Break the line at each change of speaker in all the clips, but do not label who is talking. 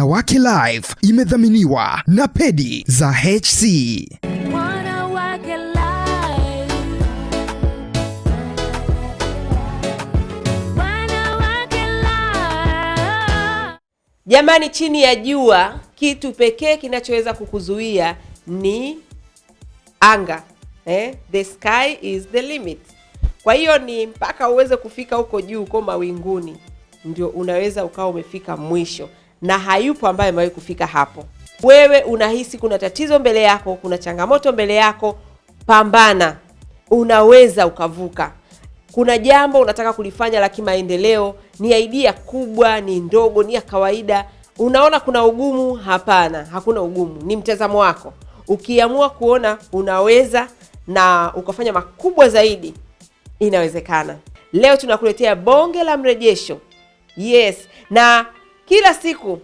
Wanawake Live imedhaminiwa na pedi za HC.
Jamani, chini ya jua kitu pekee kinachoweza kukuzuia ni anga eh? The sky is the limit. Kwa hiyo ni mpaka uweze kufika huko juu, uko mawinguni, ndio unaweza ukawa umefika mwisho na hayupo ambaye amewahi kufika hapo. Wewe unahisi kuna tatizo mbele yako, kuna changamoto mbele yako, pambana, unaweza ukavuka. Kuna jambo unataka kulifanya la kimaendeleo, ni idea kubwa, ni ndogo, ni ya kawaida. Unaona kuna ugumu? Hapana, hakuna ugumu, ni mtazamo wako. Ukiamua kuona unaweza na ukafanya makubwa zaidi, inawezekana. Leo tunakuletea bonge la mrejesho. Yes, na kila siku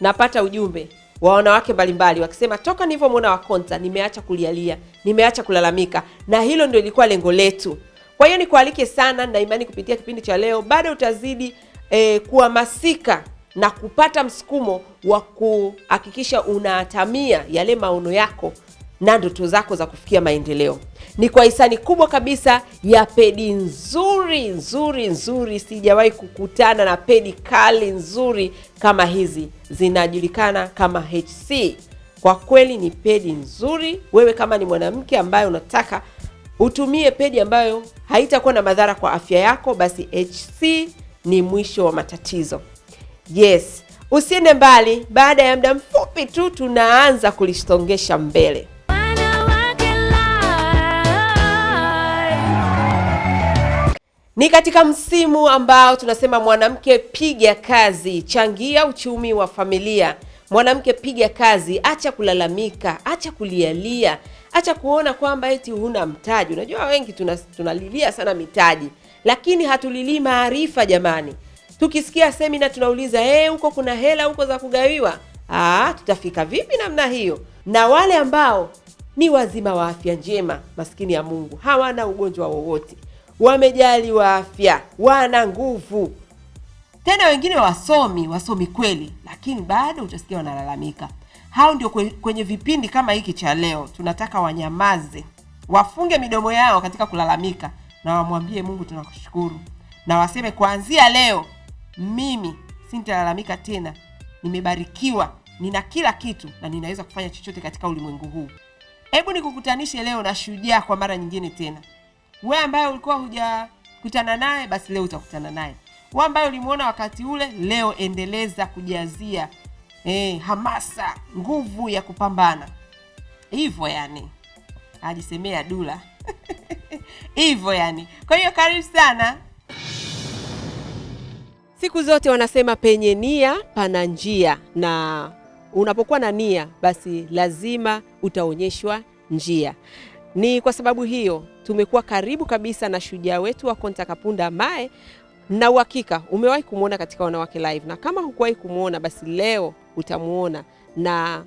napata ujumbe wa wanawake mbalimbali wakisema toka nilivyomwona Wakonza nimeacha kulialia, nimeacha kulalamika, na hilo ndio ilikuwa lengo letu. Kwa hiyo nikualike sana na imani kupitia kipindi cha leo bado utazidi eh, kuhamasika na kupata msukumo wa kuhakikisha unatamia yale maono yako na ndoto zako za kufikia maendeleo ni kwa hisani kubwa kabisa ya pedi nzuri nzuri nzuri. Sijawahi kukutana na pedi kali nzuri kama hizi, zinajulikana kama HC. Kwa kweli ni pedi nzuri. Wewe kama ni mwanamke ambaye unataka utumie pedi ambayo haitakuwa na madhara kwa afya yako, basi HC ni mwisho wa matatizo. Yes, usiende mbali, baada ya muda mfupi tu tunaanza kulisongesha mbele. Ni katika msimu ambao tunasema mwanamke, piga kazi, changia uchumi wa familia. Mwanamke, piga kazi, acha kulalamika, acha kulialia, acha kuona kwamba eti huna mtaji. Unajua wengi tunalilia sana mitaji, lakini hatulilii maarifa jamani. Tukisikia semina tunauliza hey, eh, huko kuna hela huko za kugawiwa? Ah, tutafika vipi namna hiyo? Na wale ambao ni wazima wa afya njema, maskini ya Mungu, hawana ugonjwa wowote wamejaliwa afya, wana nguvu, tena wengine wasomi, wasomi kweli, lakini bado utasikia wanalalamika. Hao ndio kwenye vipindi kama hiki cha leo tunataka wanyamaze, wafunge midomo yao katika kulalamika, na wamwambie Mungu tunakushukuru, na waseme kuanzia leo mimi sintalalamika tena, nimebarikiwa, nina kila kitu na ninaweza kufanya chochote katika ulimwengu huu. Hebu nikukutanishe leo na shujaa kwa mara nyingine tena we ambaye ulikuwa hujakutana naye, basi leo utakutana naye. We ambaye ulimwona wakati ule, leo endeleza kujazia eh, hamasa, nguvu ya kupambana hivyo yani, ajisemea Dula hivyo yani. Kwa hiyo karibu sana. Siku zote wanasema penye nia pana njia, na unapokuwa na nia, basi lazima utaonyeshwa njia. Ni kwa sababu hiyo tumekuwa karibu kabisa na shujaa wetu wa Konta Kapunda ambaye na uhakika umewahi kumwona katika Wanawake Live, na kama hukuwahi kumwona basi leo utamwona na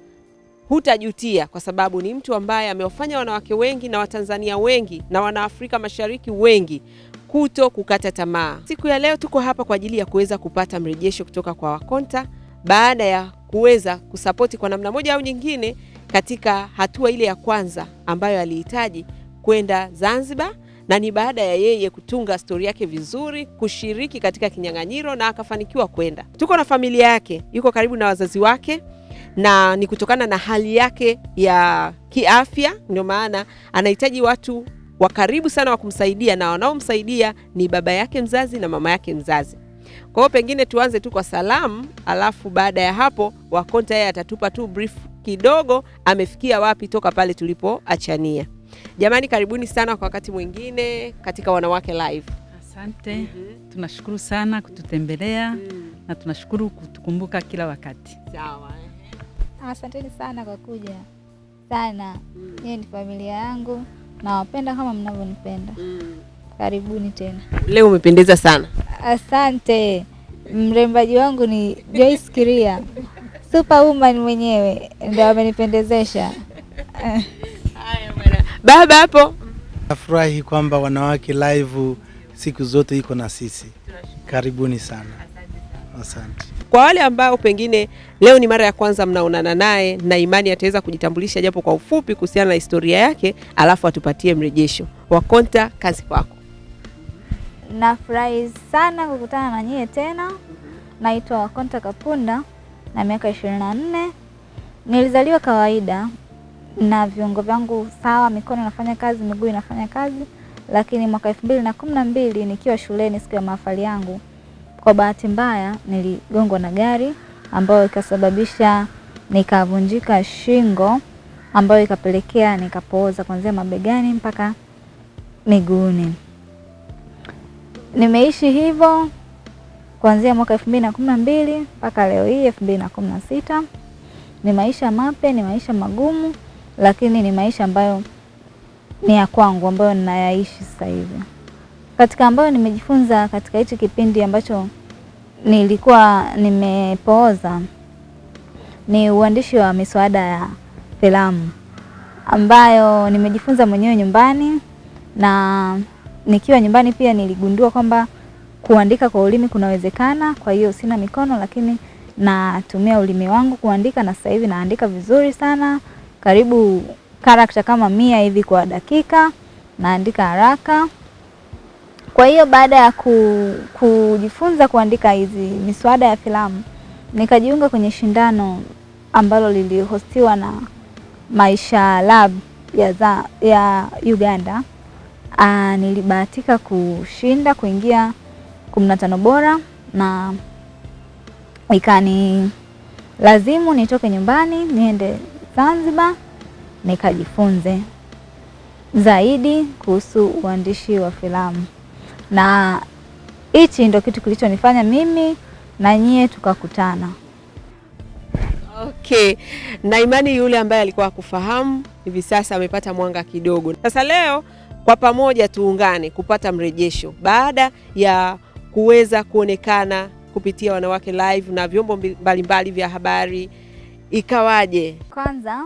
hutajutia, kwa sababu ni mtu ambaye amewafanya wanawake wengi na Watanzania wengi na Wanaafrika Mashariki wengi kuto kukata tamaa. Siku ya leo tuko hapa kwa ajili ya kuweza kupata mrejesho kutoka kwa Wakonta baada ya kuweza kusapoti kwa namna moja au nyingine katika hatua ile ya kwanza ambayo alihitaji kwenda Zanzibar na ni baada ya yeye kutunga stori yake vizuri, kushiriki katika kinyang'anyiro na akafanikiwa kwenda. Tuko na familia yake, yuko karibu na wazazi wake, na ni kutokana na hali yake ya kiafya, ndio maana anahitaji watu wa karibu sana wa kumsaidia, na wanaomsaidia ni baba yake mzazi na mama yake mzazi. Kwa hiyo pengine tuanze tu kwa salamu, alafu baada ya hapo Wakonta yeye atatupa tu brief kidogo amefikia wapi toka pale tulipoachania. Jamani, karibuni sana kwa wakati mwingine katika Wanawake Live.
Asante. mm -hmm. Tunashukuru sana kututembelea mm. na tunashukuru kutukumbuka kila wakati. Sawa.
Asanteni sana kwa kuja sana mm. Yeye ni familia yangu nawapenda kama mnavyonipenda mm. Karibuni tena.
Leo umependeza sana.
Asante. Mrembaji wangu ni Joyce Kiria. Superwoman mwenyewe ndio amenipendezesha. Haya
bwana. Baba hapo. Nafurahi kwamba Wanawake Live siku zote iko na sisi. Karibuni sana. Asante.
Kwa wale ambao pengine leo ni mara ya kwanza mnaonana naye, na imani ataweza kujitambulisha japo kwa ufupi kuhusiana na historia yake, alafu atupatie mrejesho. Wakonta, kazi kwako.
Nafurahi sana kukutana na nyie tena. Naitwa Wakonta Kapunda na miaka ishirini na nne. Nilizaliwa kawaida na viungo vyangu sawa, mikono inafanya kazi, miguu inafanya kazi, lakini mwaka elfu mbili na kumi na mbili nikiwa shuleni, siku ya mahafali yangu, kwa bahati mbaya niligongwa na gari ambayo ikasababisha nikavunjika shingo ambayo ikapelekea nikapooza kuanzia mabegani mpaka miguuni. Nimeishi hivyo kuanzia mwaka elfu mbili na kumi na mbili mpaka leo hii elfu mbili na kumi na sita Ni maisha mapya, ni maisha magumu, lakini ni maisha ambayo ni ya kwangu, ambayo ninayaishi sasa hivi. Katika ambayo nimejifunza katika hichi kipindi ambacho nilikuwa nimepooza ni uandishi wa miswada ya filamu ambayo nimejifunza mwenyewe nyumbani, na nikiwa nyumbani pia niligundua kwamba kuandika kwa ulimi kunawezekana. Kwa hiyo sina mikono, lakini natumia ulimi wangu kuandika, na sasa hivi naandika vizuri sana, karibu karakta kama mia hivi kwa dakika, naandika haraka. Kwa hiyo baada ya ku, kujifunza kuandika hizi miswada ya filamu, nikajiunga kwenye shindano ambalo lilihostiwa na Maisha Lab ya, za, ya Uganda. Ah, nilibahatika kushinda kuingia 15 bora na ikani lazimu nitoke nyumbani niende Zanzibar nikajifunze zaidi kuhusu uandishi wa filamu, na hichi ndo kitu kilichonifanya mimi na nyie tukakutana.
Okay, na imani yule ambaye alikuwa akufahamu hivi sasa amepata mwanga kidogo. Sasa leo kwa pamoja tuungane kupata mrejesho baada ya kuweza kuonekana kupitia Wanawake Live na vyombo mbalimbali vya habari, ikawaje?
Kwanza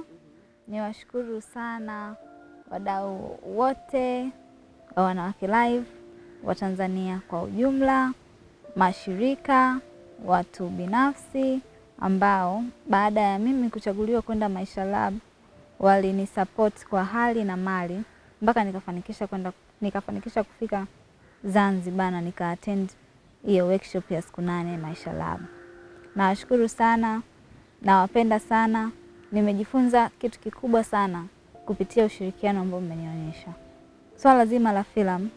niwashukuru sana wadau wote wa Wanawake Live wa Tanzania kwa ujumla, mashirika, watu binafsi ambao baada ya mimi kuchaguliwa kwenda Maisha Lab walinisapoti kwa hali na mali mpaka nikafanikisha kwenda nikafanikisha kufika Zanzibar na nika attend hiyo workshop ya siku nane Maisha Lab. Nawashukuru sana, nawapenda sana, nimejifunza kitu kikubwa sana kupitia ushirikiano ambao mmenionyesha. Swala zima la filamu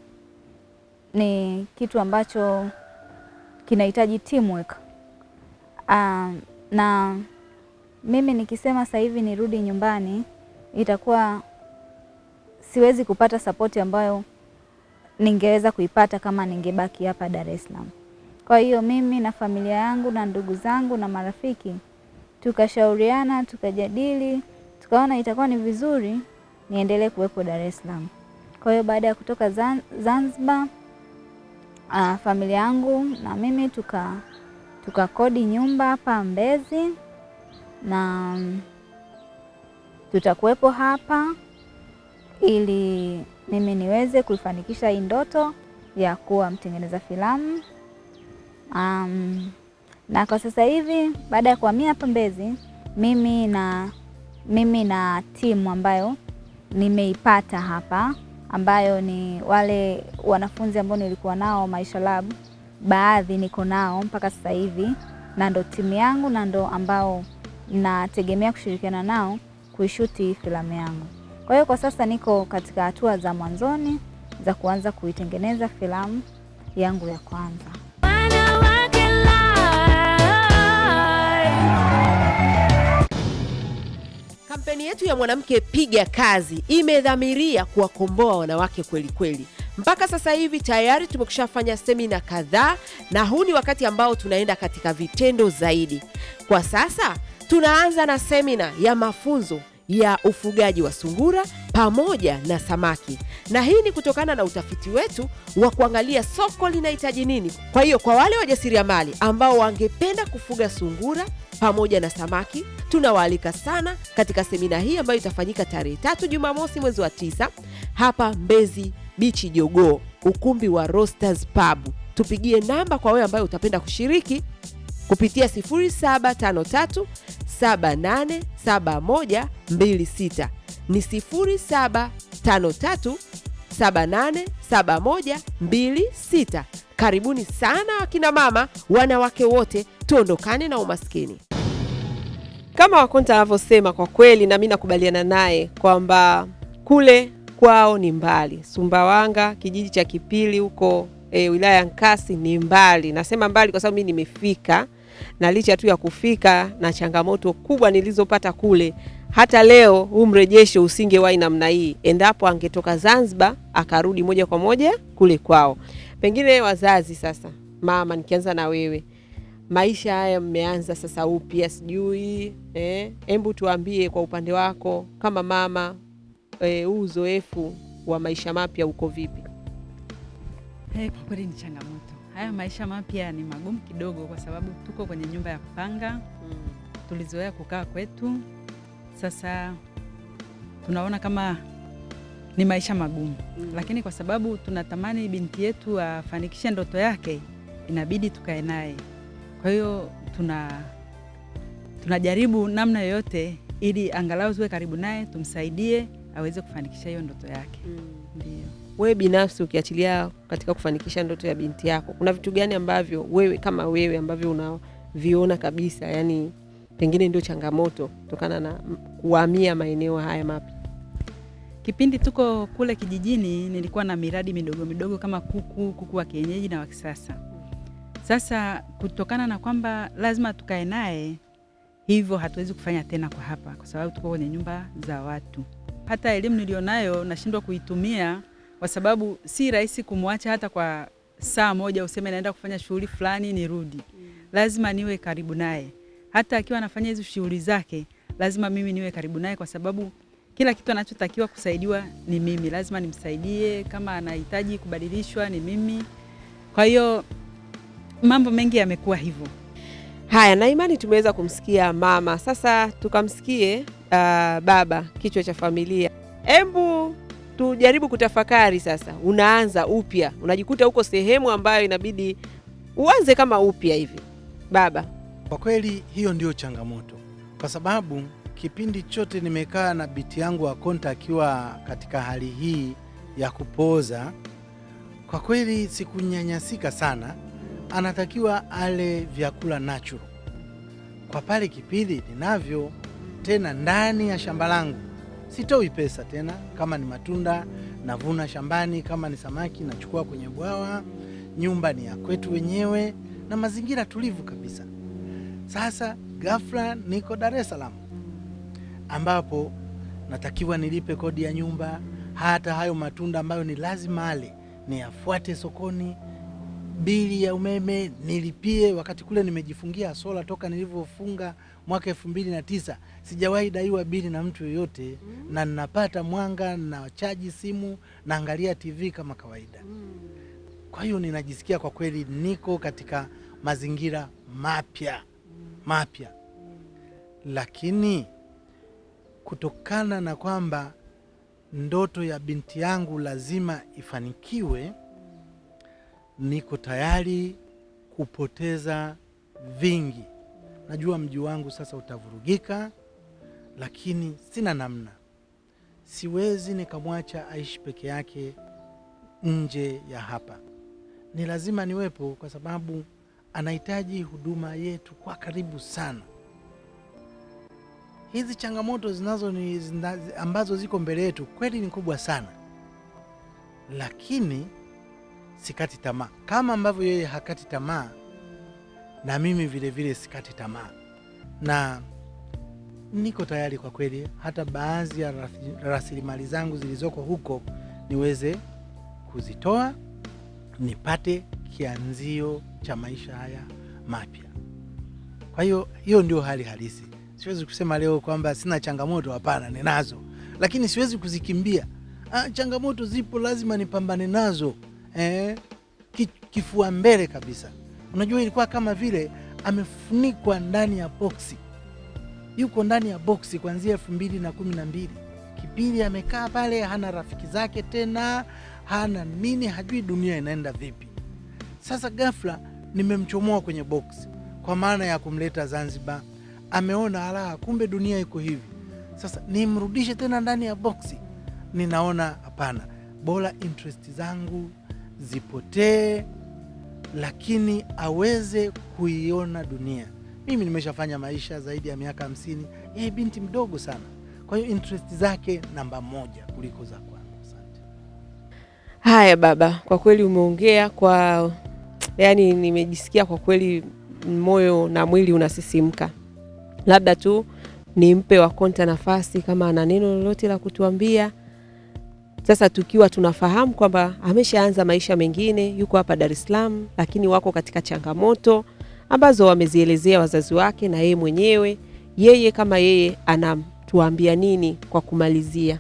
ni kitu ambacho kinahitaji teamwork. Uh, na mimi nikisema sasa hivi nirudi nyumbani itakuwa siwezi kupata sapoti ambayo ningeweza kuipata kama ningebaki hapa Dar es Salaam. Kwa hiyo mimi na familia yangu na ndugu zangu na marafiki tukashauriana, tukajadili, tukaona itakuwa ni vizuri niendelee kuwepo Dar es Salaam. Kwa hiyo baada ya kutoka Zanzibar, uh, familia yangu na mimi tuka tukakodi nyumba hapa Mbezi na mm, tutakuwepo hapa ili mimi niweze kuifanikisha hii ndoto ya kuwa mtengeneza filamu. Um, na kwa sasa hivi baada ya kuhamia hapa Mbezi, mimi na mimi na timu ambayo nimeipata hapa ambayo ni wale wanafunzi ambao nilikuwa nao Maisha Lab, baadhi niko nao mpaka sasa hivi, na ndo timu yangu na ndo ambao nategemea kushirikiana nao kuishuti filamu yangu. Kwa hiyo kwa sasa niko katika hatua za mwanzoni za kuanza kuitengeneza filamu yangu ya kwanza.
Kampeni yetu ya mwanamke piga kazi imedhamiria kuwakomboa wanawake kweli kweli. Mpaka sasa hivi tayari tumekushafanya semina kadhaa, na huu ni wakati ambao tunaenda katika vitendo zaidi. Kwa sasa tunaanza na semina ya mafunzo ya ufugaji wa sungura pamoja na samaki, na hii ni kutokana na utafiti wetu wa kuangalia soko linahitaji nini. Kwa hiyo kwa wale wajasiriamali ambao wangependa kufuga sungura pamoja na samaki, tunawaalika sana katika semina hii ambayo itafanyika tarehe tatu Jumamosi mwezi wa tisa hapa Mbezi Bichi Jogoo, ukumbi wa Rosters pabu Tupigie namba kwa wewe ambayo utapenda kushiriki kupitia 0753787126 ni 0753787126. Karibuni sana wakina mama, wanawake wote, tuondokane na umaskini. Kama Wakonta anavyosema, kwa kweli nami nakubaliana naye kwamba kule kwao ni mbali, Sumbawanga kijiji cha Kipili huko e, wilaya ya Nkasi ni mbali. Nasema mbali kwa sababu mi nimefika na licha tu ya kufika na changamoto kubwa nilizopata kule, hata leo huu mrejesho usingewahi namna hii endapo angetoka Zanzibar akarudi moja kwa moja kule kwao. Pengine wazazi, sasa mama, nikianza na wewe, maisha haya mmeanza sasa upya, sijui eh, hebu eh, tuambie kwa upande wako kama mama eh, huu eh, uzoefu wa maisha mapya uko vipi?
Hey, eh, kwa kweli ni changamoto haya maisha mapya ni magumu kidogo, kwa sababu tuko kwenye nyumba ya kupanga mm. Tulizoea kukaa kwetu, sasa tunaona kama ni maisha magumu mm. Lakini kwa sababu tunatamani binti yetu afanikishe ndoto yake, inabidi tukae naye. Kwa hiyo tuna tunajaribu namna yoyote ili angalau tuwe karibu naye, tumsaidie aweze kufanikisha hiyo ndoto yake mm.
Ndio wewe binafsi ukiachilia katika kufanikisha ndoto ya binti yako, kuna vitu gani ambavyo wewe kama wewe ambavyo unaviona kabisa, yani pengine ndio changamoto kutokana na kuhamia maeneo haya mapya?
Kipindi tuko kule kijijini, nilikuwa na miradi midogo midogo kama kuku kuku wa kienyeji na wa kisasa. Sasa kutokana na kwamba lazima tukae naye hivyo, hatuwezi kufanya tena kwa hapa, kwa sababu tuko kwenye nyumba za watu. Hata elimu nilionayo nashindwa kuitumia kwa sababu si rahisi kumwacha hata kwa saa moja, useme naenda kufanya shughuli fulani nirudi. Lazima niwe karibu naye, hata akiwa anafanya hizo shughuli zake, lazima mimi niwe karibu naye, kwa sababu kila kitu anachotakiwa kusaidiwa ni mimi, lazima nimsaidie. Kama anahitaji kubadilishwa ni mimi. Kwa hiyo mambo mengi yamekuwa hivyo.
Haya, na imani tumeweza kumsikia mama, sasa tukamsikie uh, baba, kichwa cha familia. Embu tujaribu kutafakari sasa, unaanza upya, unajikuta huko sehemu ambayo inabidi uanze kama upya hivi. Baba,
kwa kweli hiyo ndiyo changamoto, kwa sababu kipindi chote nimekaa na binti yangu Akonta akiwa katika hali hii ya kupooza, kwa kweli sikunyanyasika sana. Anatakiwa ale vyakula natural, kwa pale kipindi ninavyo tena ndani ya shamba langu sitoi pesa tena. Kama ni matunda navuna shambani, kama ni samaki nachukua kwenye bwawa. Nyumba ni ya kwetu wenyewe na mazingira tulivu kabisa. Sasa ghafla niko Dar es Salaam ambapo natakiwa nilipe kodi ya nyumba, hata hayo matunda ambayo ni lazima ale niyafuate sokoni bili ya umeme nilipie, wakati kule nimejifungia sola toka nilivyofunga mwaka elfu mbili na tisa sijawahi daiwa bili na mtu yoyote mm. na ninapata mwanga na chaji simu naangalia TV kama kawaida mm. kwa hiyo ninajisikia kwa kweli niko katika mazingira mapya mm. mapya mm. lakini kutokana na kwamba ndoto ya binti yangu lazima ifanikiwe niko tayari kupoteza vingi. Najua mji wangu sasa utavurugika, lakini sina namna, siwezi nikamwacha aishi peke yake nje ya hapa. Ni lazima niwepo, kwa sababu anahitaji huduma yetu kwa karibu sana. Hizi changamoto zinazo ni ambazo ziko mbele yetu kweli ni kubwa sana, lakini sikati tamaa kama ambavyo yeye hakati tamaa, na mimi vilevile vile sikati tamaa, na niko tayari kwa kweli, hata baadhi ya rasilimali zangu zilizoko huko niweze kuzitoa nipate kianzio cha maisha haya mapya. Kwa hiyo hiyo ndio hali halisi. Siwezi kusema leo kwamba sina changamoto, hapana, ninazo, lakini siwezi kuzikimbia. Ah, changamoto zipo, lazima nipambane nazo eh, kifua mbele kabisa. Unajua, ilikuwa kama vile amefunikwa ndani ya boksi, yuko ndani ya boksi kuanzia elfu mbili na kumi na mbili. Kipindi amekaa pale, hana rafiki zake tena, hana nini, hajui dunia inaenda vipi. Sasa ghafla nimemchomoa kwenye boksi, kwa maana ya kumleta Zanzibar. Ameona alaha, kumbe dunia iko hivi. Sasa nimrudishe tena ndani ya boksi, ninaona hapana, bora interest zangu zipotee, lakini aweze kuiona dunia. Mimi nimeshafanya maisha zaidi ya miaka hamsini, yeye binti mdogo sana, kwa hiyo interest zake namba moja kuliko za kwangu. Asante.
Haya baba, kwa kweli umeongea kwa, yani nimejisikia kwa kweli moyo na mwili unasisimka. Labda tu nimpe Wakonta nafasi, kama ana neno lolote la kutuambia sasa tukiwa tunafahamu kwamba ameshaanza maisha mengine, yuko hapa Dar es Salaam, lakini wako katika changamoto ambazo wamezielezea wazazi wake na yeye mwenyewe. Yeye kama yeye anatuambia nini kwa kumalizia?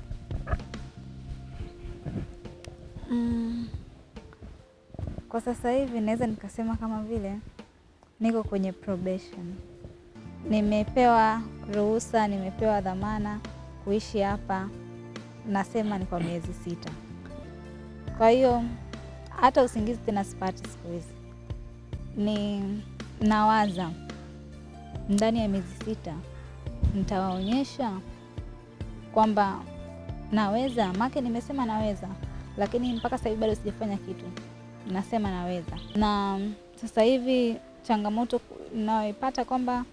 Mm, kwa sasa hivi naweza nikasema kama vile niko kwenye probation, nimepewa ruhusa, nimepewa dhamana kuishi hapa nasema ni kwa miezi sita. Kwa hiyo hata usingizi tena sipati siku hizi, ni nawaza ndani ya miezi sita nitawaonyesha kwamba naweza, make nimesema naweza, lakini mpaka sasa hivi bado sijafanya kitu. Nasema naweza, na sasa hivi changamoto nayoipata kwamba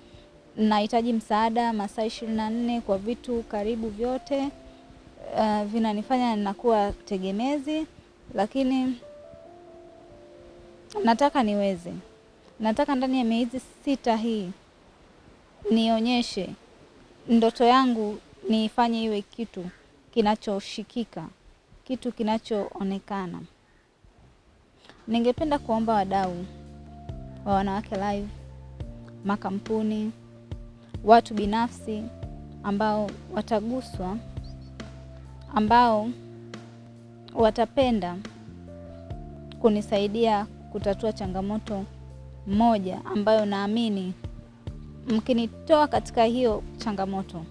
nahitaji msaada masaa ishirini na nne kwa vitu karibu vyote uh, vinanifanya ninakuwa tegemezi, lakini nataka niweze, nataka ndani ya miezi sita hii nionyeshe ndoto yangu, niifanye iwe kitu kinachoshikika, kitu kinachoonekana. Ningependa kuomba wadau wa Wanawake Live, makampuni, watu binafsi ambao wataguswa ambao watapenda kunisaidia kutatua changamoto moja ambayo naamini mkinitoa katika hiyo changamoto,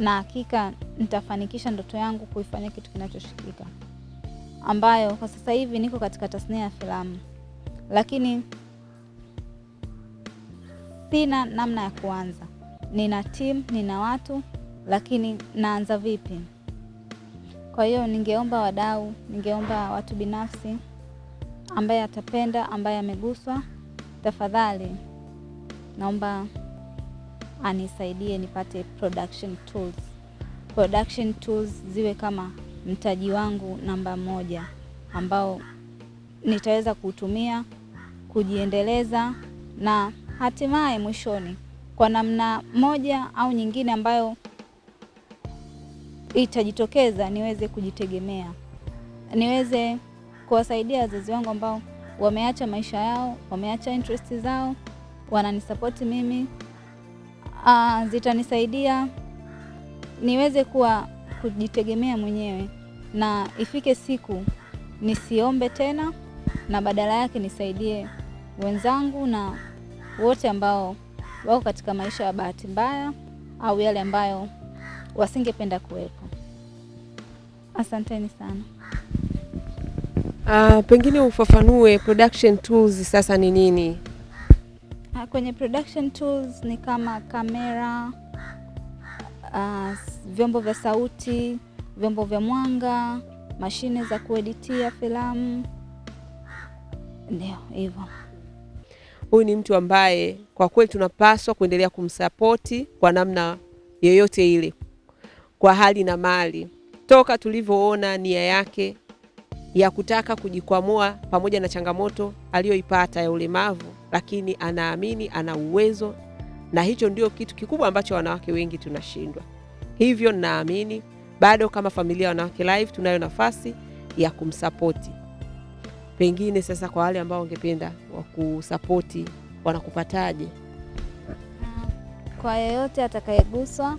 na hakika nitafanikisha ndoto yangu kuifanya kitu kinachoshikika, ambayo kwa sasa hivi niko katika tasnia ya filamu, lakini sina namna ya kuanza. Nina timu, nina watu, lakini naanza vipi? Kwa hiyo ningeomba wadau, ningeomba watu binafsi, ambaye atapenda, ambaye ameguswa, tafadhali naomba anisaidie nipate production tools. Production tools ziwe kama mtaji wangu namba moja ambao nitaweza kuutumia kujiendeleza na hatimaye mwishoni, kwa namna moja au nyingine ambayo itajitokeza niweze kujitegemea, niweze kuwasaidia wazazi wangu ambao wameacha maisha yao, wameacha interest zao, wananisapoti mimi. Uh, zitanisaidia niweze kuwa kujitegemea mwenyewe, na ifike siku nisiombe tena, na badala yake nisaidie wenzangu na wote ambao wako katika maisha ya bahati mbaya au yale ambayo wasingependa kuwepo. Asanteni sana.
Uh, pengine ufafanue production tools sasa ni nini?
Uh, kwenye production tools ni kama kamera, uh, vyombo vya sauti, vyombo vya mwanga, mashine za kueditia filamu, ndio hivyo.
Huyu ni mtu ambaye kwa kweli tunapaswa kuendelea kumsapoti kwa namna yoyote ile kwa hali na mali. Toka tulivyoona nia yake ya kutaka kujikwamua pamoja na changamoto aliyoipata ya ulemavu, lakini anaamini ana uwezo, na hicho ndio kitu kikubwa ambacho wanawake wengi tunashindwa. Hivyo naamini bado kama familia Wanawake Live tunayo nafasi ya kumsapoti. Pengine sasa, kwa wale ambao wangependa wa kusapoti, wanakupataje?
Kwa yeyote atakayeguswa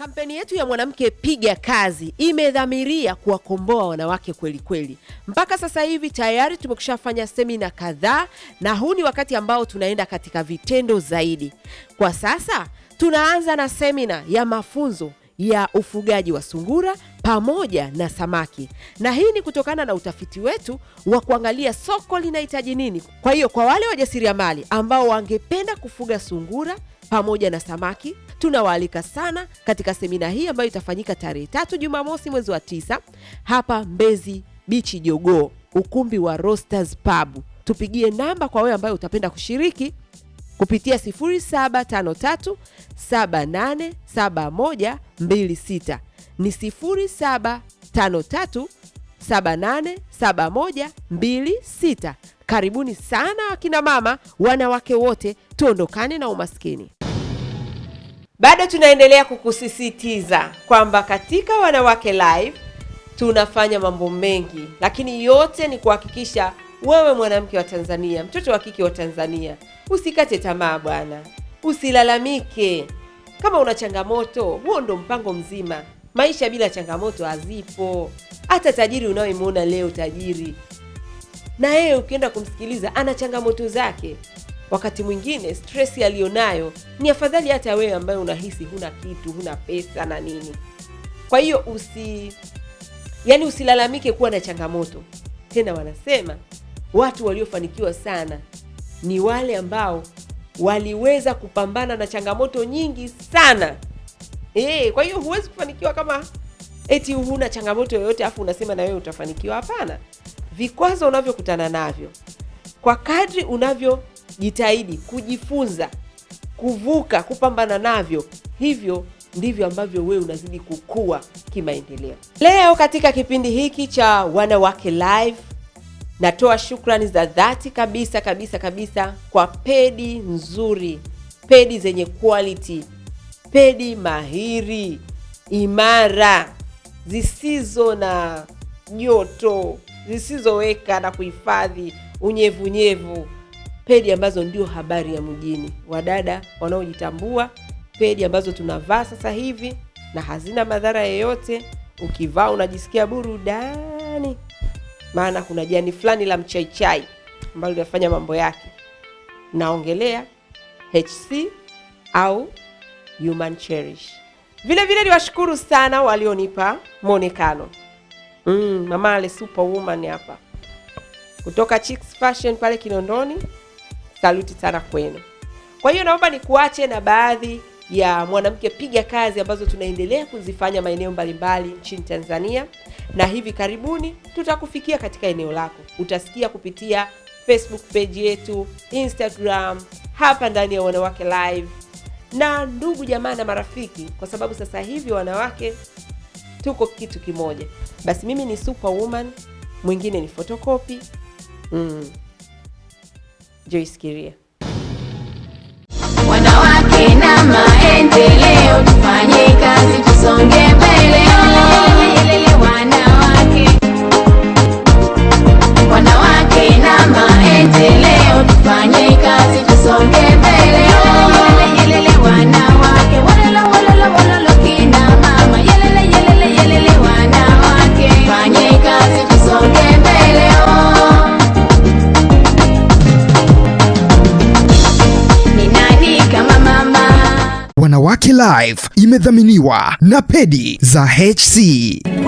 Kampeni yetu ya mwanamke piga kazi imedhamiria kuwakomboa wanawake kweli kweli. Mpaka sasa hivi tayari tumekushafanya semina kadhaa, na huu ni wakati ambao tunaenda katika vitendo zaidi. Kwa sasa tunaanza na semina ya mafunzo ya ufugaji wa sungura pamoja na samaki, na hii ni kutokana na utafiti wetu wa kuangalia soko linahitaji nini. Kwa hiyo kwa wale wajasiriamali ambao wangependa kufuga sungura pamoja na samaki tunawaalika sana katika semina hii ambayo itafanyika tarehe tatu Jumamosi mwezi wa tisa hapa Mbezi Bichi Jogoo, ukumbi wa Rosters Pub. Tupigie namba kwa wewe ambayo utapenda kushiriki kupitia 0753787126 ni 0753787126. Karibuni sana wakinamama mama, wanawake wote, tuondokane na umaskini. Bado tunaendelea kukusisitiza kwamba katika Wanawake Live tunafanya mambo mengi, lakini yote ni kuhakikisha wewe mwanamke wa Tanzania, mtoto wa kike wa Tanzania, usikate tamaa bwana, usilalamike. Kama una changamoto, huo ndo mpango mzima. Maisha bila changamoto hazipo. Hata tajiri unayemuona leo tajiri, na yeye ukienda kumsikiliza, ana changamoto zake. Wakati mwingine stress aliyonayo ni afadhali hata wewe ambaye unahisi huna kitu, huna pesa na nini. Kwa hiyo usi yani, usilalamike kuwa na changamoto. Tena wanasema watu waliofanikiwa sana ni wale ambao waliweza kupambana na changamoto nyingi sana. E, kwa hiyo huwezi kufanikiwa kama eti huna changamoto yoyote afu unasema na wewe utafanikiwa. Hapana, vikwazo unavyokutana navyo, kwa kadri unavyo jitahidi kujifunza, kuvuka, kupambana navyo. Hivyo ndivyo ambavyo wewe unazidi kukua kimaendeleo. Leo katika kipindi hiki cha Wanawake Live natoa shukrani za dhati kabisa kabisa kabisa kwa pedi nzuri, pedi zenye quality, pedi mahiri, imara, zisizo na joto, zisizoweka na kuhifadhi unyevunyevu pedi ambazo ndio habari ya mjini, wadada wanaojitambua, pedi ambazo tunavaa sasa hivi na hazina madhara yoyote. Ukivaa unajisikia burudani, maana kuna jani fulani la mchaichai ambalo linafanya mambo yake. Naongelea HC au Human Cherish. Vile vile niwashukuru sana walionipa mwonekano mm, mama Ale Superwoman hapa kutoka Chicks Fashion pale Kinondoni saluti sana kwenu. Kwa hiyo naomba nikuache na baadhi ya mwanamke piga kazi ambazo tunaendelea kuzifanya maeneo mbalimbali nchini Tanzania, na hivi karibuni tutakufikia katika eneo lako. Utasikia kupitia Facebook page yetu, Instagram, hapa ndani ya Wanawake Live na ndugu jamaa na marafiki, kwa sababu sasa hivi wanawake tuko kitu kimoja. Basi mimi ni superwoman, mwingine ni photocopy mm. Joyce Guerrier.
Life imedhaminiwa na pedi za HC.